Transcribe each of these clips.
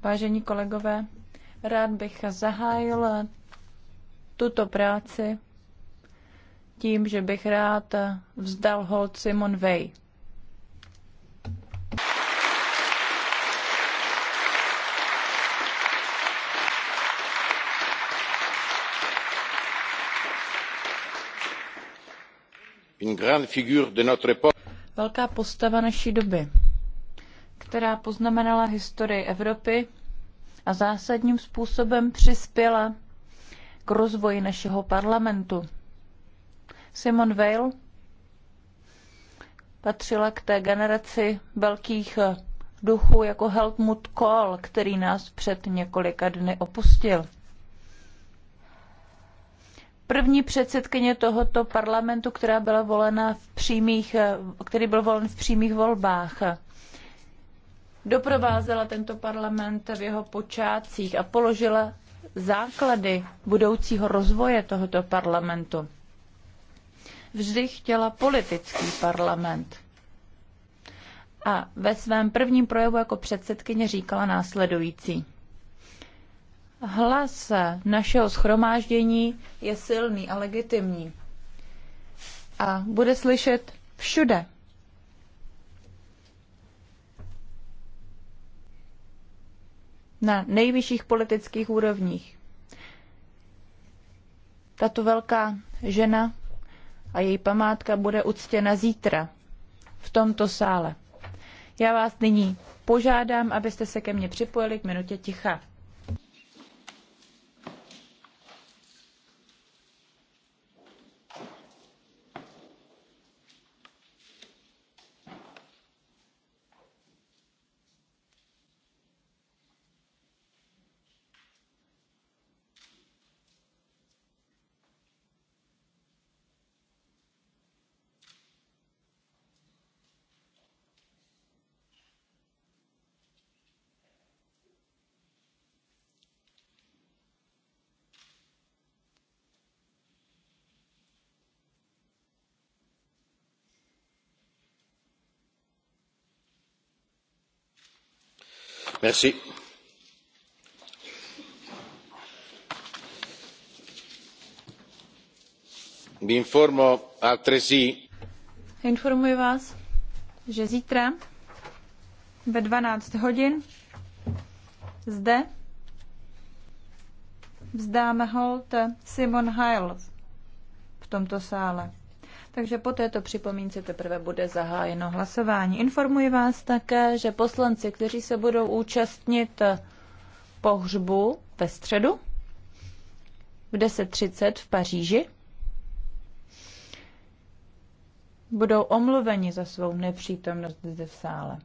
Vážení kolegové, rád bych zahájil tuto práci tím, že bych rád vzdal hold Simon Weil. Velká postava naší doby která poznamenala historii Evropy a zásadním způsobem přispěla k rozvoji našeho parlamentu. Simon Weil patřila k té generaci velkých duchů jako Helmut Kohl, který nás před několika dny opustil. První předsedkyně tohoto parlamentu, která byla volena v přímých, který byl volen v přímých volbách doprovázela tento parlament v jeho počátcích a položila základy budoucího rozvoje tohoto parlamentu. Vždy chtěla politický parlament. A ve svém prvním projevu jako předsedkyně říkala následující. Hlas našeho schromáždění je silný a legitimní. A bude slyšet všude, na nejvyšších politických úrovních. Tato velká žena a její památka bude uctěna zítra v tomto sále. Já vás nyní požádám, abyste se ke mně připojili k minutě ticha. informuji vás že zítra ve dvanáct hodin zde vzdáme hold simone weil v tomto sále takže po této připomínce teprve bude zahájeno hlasování. Informuji vás také, že poslanci, kteří se budou účastnit eh, pohřbu ve středu v 10.30 v Paříži, budou omluveni za svou nepřítomnost zde v sále.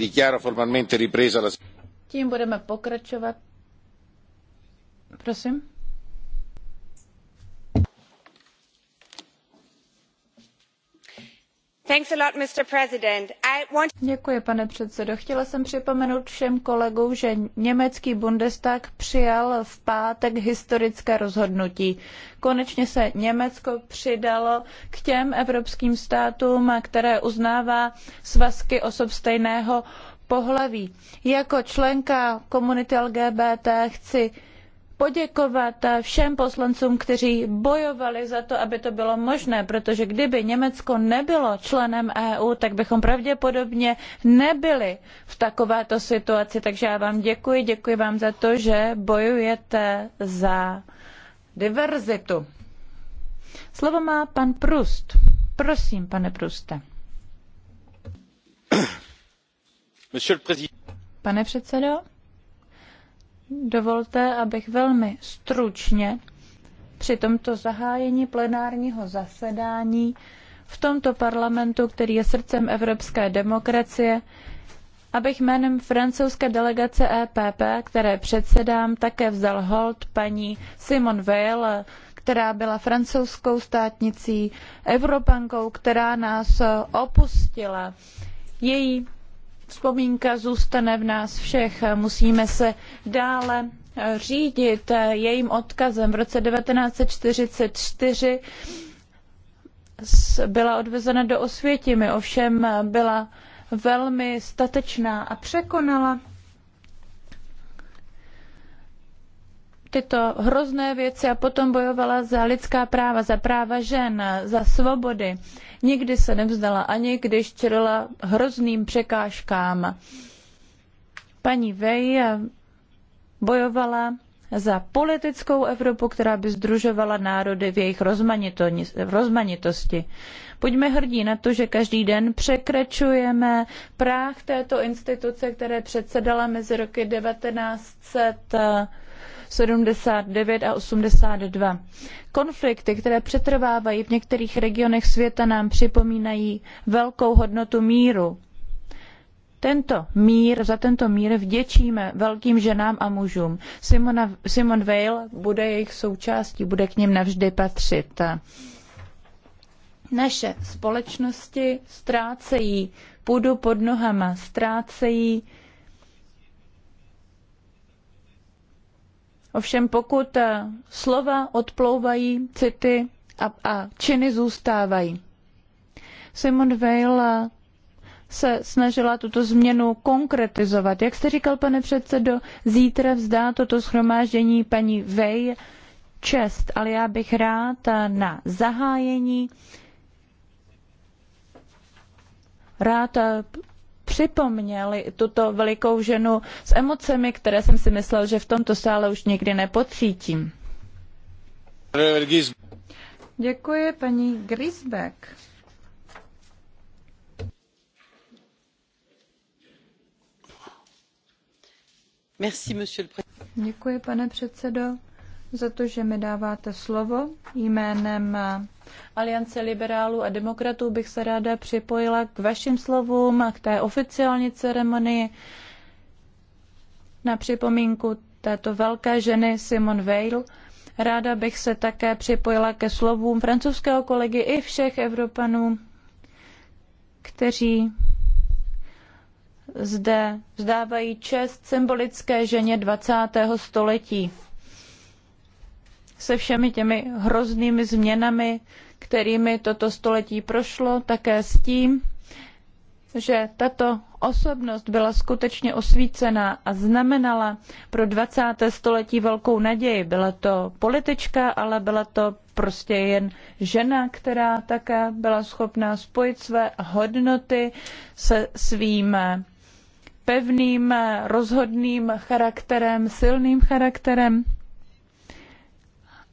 Dichiaro formalmente ripresa la... Tím budeme pokračovat. Prosím. Děkuji, pane předsedo. Chtěla jsem připomenout všem kolegům, že německý Bundestag přijal v pátek historické rozhodnutí. Konečně se Německo přidalo k těm evropským státům, které uznává svazky osob stejného pohlaví. Jako členka komunity LGBT chci poděkovat všem poslancům, kteří bojovali za to, aby to bylo možné, protože kdyby Německo nebylo členem EU, tak bychom pravděpodobně nebyli v takovéto situaci. Takže já vám děkuji, děkuji vám za to, že bojujete za diverzitu. Slovo má pan Prust. Prosím, pane Pruste. Pane předsedo, Dovolte, abych velmi stručně při tomto zahájení plenárního zasedání v tomto parlamentu, který je srdcem evropské demokracie, abych jménem francouzské delegace EPP, které předsedám, také vzal hold paní Simon Weil, která byla francouzskou státnicí, Evropankou, která nás opustila. Její vzpomínka zůstane v nás všech. Musíme se dále řídit jejím odkazem. V roce 1944 byla odvezena do Osvětimi, ovšem byla velmi statečná a překonala tyto hrozné věci a potom bojovala za lidská práva, za práva žen, za svobody. Nikdy se nevzdala, ani když čelila hrozným překážkám. Paní Vej bojovala za politickou Evropu, která by združovala národy v jejich rozmanitosti. Buďme hrdí na to, že každý den překračujeme práh této instituce, které předsedala mezi roky 1900 79 a 82. Konflikty, které přetrvávají v některých regionech světa, nám připomínají velkou hodnotu míru. Tento mír, za tento mír vděčíme velkým ženám a mužům. Simona, Simon Weil bude jejich součástí, bude k nim navždy patřit. Naše společnosti ztrácejí půdu pod nohama, ztrácejí Ovšem pokud eh, slova odplouvají, city a, a činy zůstávají. Simon Weil eh, se snažila tuto změnu konkretizovat. Jak jste říkal, pane předsedo, zítra vzdá toto schromáždění paní Vej čest, ale já bych rád eh, na zahájení rád připomněli tuto velikou ženu s emocemi, které jsem si myslel, že v tomto sále už nikdy nepocítím. Děkuji, paní Grisbeck. Merci, Děkuji, pane předsedo za to, že mi dáváte slovo. Jménem Aliance liberálů a demokratů bych se ráda připojila k vašim slovům a k té oficiální ceremonii na připomínku této velké ženy Simone Weil. Ráda bych se také připojila ke slovům francouzského kolegy i všech Evropanů, kteří zde vzdávají čest symbolické ženě 20. století se všemi těmi hroznými změnami, kterými toto století prošlo, také s tím, že tato osobnost byla skutečně osvícená a znamenala pro 20. století velkou naději. Byla to politička, ale byla to prostě jen žena, která také byla schopná spojit své hodnoty se svým pevným, rozhodným charakterem, silným charakterem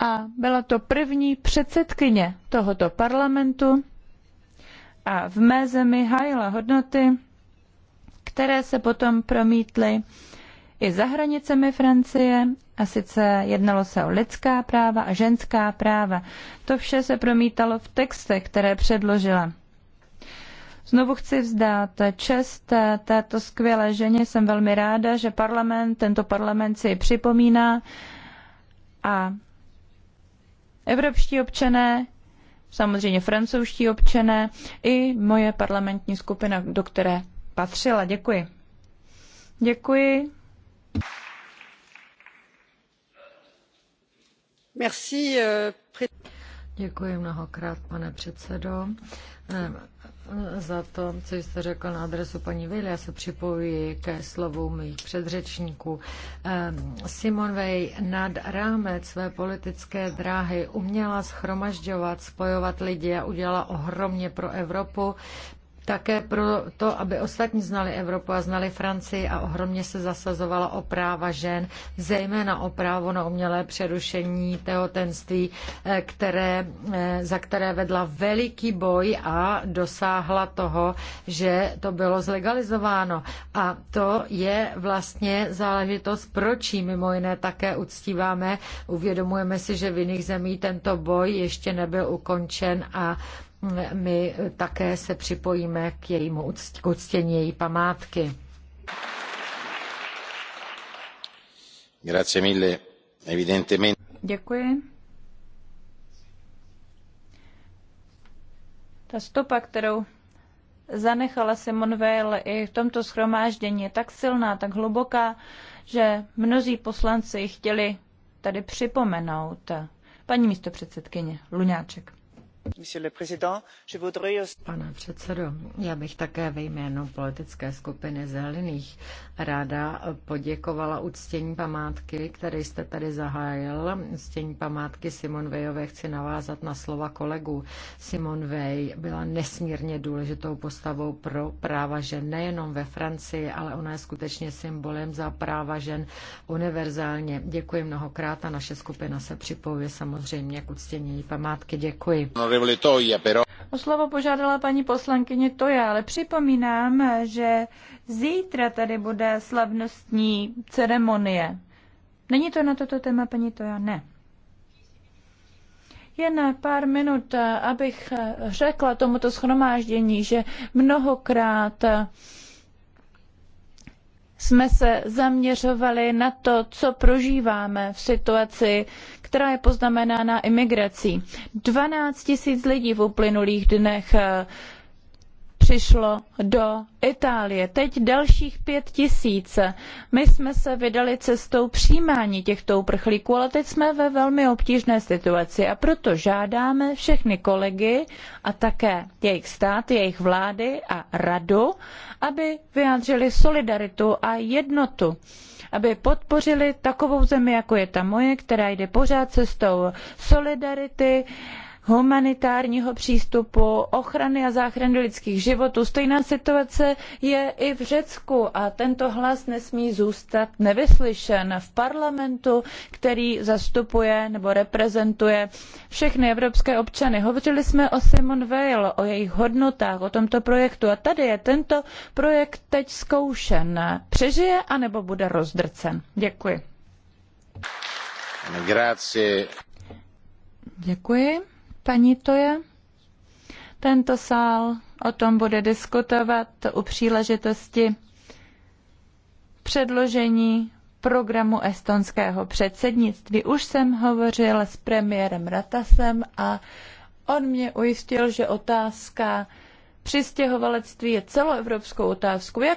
a byla to první předsedkyně tohoto parlamentu a v mé zemi hájila hodnoty, které se potom promítly i za hranicemi Francie, a sice jednalo se o lidská práva a ženská práva. To vše se promítalo v textech, které předložila. Znovu chci vzdát čest této skvělé ženě. Jsem velmi ráda, že parlament, tento parlament si ji připomíná a Evropští občané, samozřejmě francouzští občané i moje parlamentní skupina, do které patřila. Děkuji. Děkuji. Merci. Eh, Děkuji mnohokrát, pane předsedo. Eh, za to, co jste řekl na adresu paní Vili. Já se připojuji ke slovům mých předřečníků. Eh, Simon Vej nad rámec své politické dráhy uměla schromažďovat, spojovat lidi a udělala ohromně pro Evropu také pro to, aby ostatní znali Evropu a znali Francii a ohromně se zasazovala o práva žen, zejména o právo na umělé přerušení tehotenství, eh, které, eh, za které vedla veliký boj a dosáhla toho, že to bylo zlegalizováno. A to je vlastně záležitost, proč ji mimo jiné také uctíváme. Uvědomujeme si, že v jiných zemích tento boj ještě nebyl ukončen a my také se připojíme k jejímu k uctění její památky. Grazie mille. Evidentemente. Děkuji. Ta stopa, kterou zanechala Simon Weil i v tomto schromáždění, je tak silná, tak hluboká, že mnozí poslanci chtěli tady připomenout. Paní místo předsedkyně Luňáček. Pane předsedo, já bych také ve jménu politické skupiny Zelených ráda poděkovala uctění památky, které jste tady zahájil. Uctění památky Simon Vejové chci navázat na slova kolegů. Simon Vej byla nesmírně důležitou postavou pro práva žen nejenom ve Francii, ale ona je skutečně symbolem za práva žen univerzálně. Děkuji mnohokrát a naše skupina se připojí samozřejmě k uctění její památky. Děkuji. O slovo požádala paní poslankyně Toja, ale připomínám, že zítra tady bude slavnostní ceremonie. Není to na toto téma, paní Toja? Ne. Jen pár minut, abych řekla tomuto schromáždění, že mnohokrát jsme se zaměřovali na to, co prožíváme v situaci, která je poznamenána imigrací. 12 tisíc lidí v uplynulých dnech eh, přišlo do Itálie. Teď dalších pět tisíc. My jsme se vydali cestou přijímání těchto uprchlíků, ale teď jsme ve velmi obtížné situaci a proto žádáme všechny kolegy a také jejich státy, jejich vlády a radu, aby vyjádřili solidaritu a jednotu aby podpořili takovou zemi, jako je ta moje, která jde pořád cestou solidarity, humanitárního přístupu, ochrany a záchrany lidských životů. Stejná situace je i v Řecku a tento hlas nesmí zůstat nevyslyšen v parlamentu, který zastupuje nebo reprezentuje všechny evropské občany. Hovořili jsme o Simon Veil, o jejich hodnotách, o tomto projektu a tady je tento projekt teď zkoušen. Přežije anebo bude rozdrcen? Děkuji. Děkuji paní Toje. Tento sál o tom bude diskutovat u příležitosti předložení programu estonského předsednictví. Už jsem hovořil s premiérem Ratasem a on mě ujistil, že otázka přistěhovalectví je celoevropskou otázkou. Jak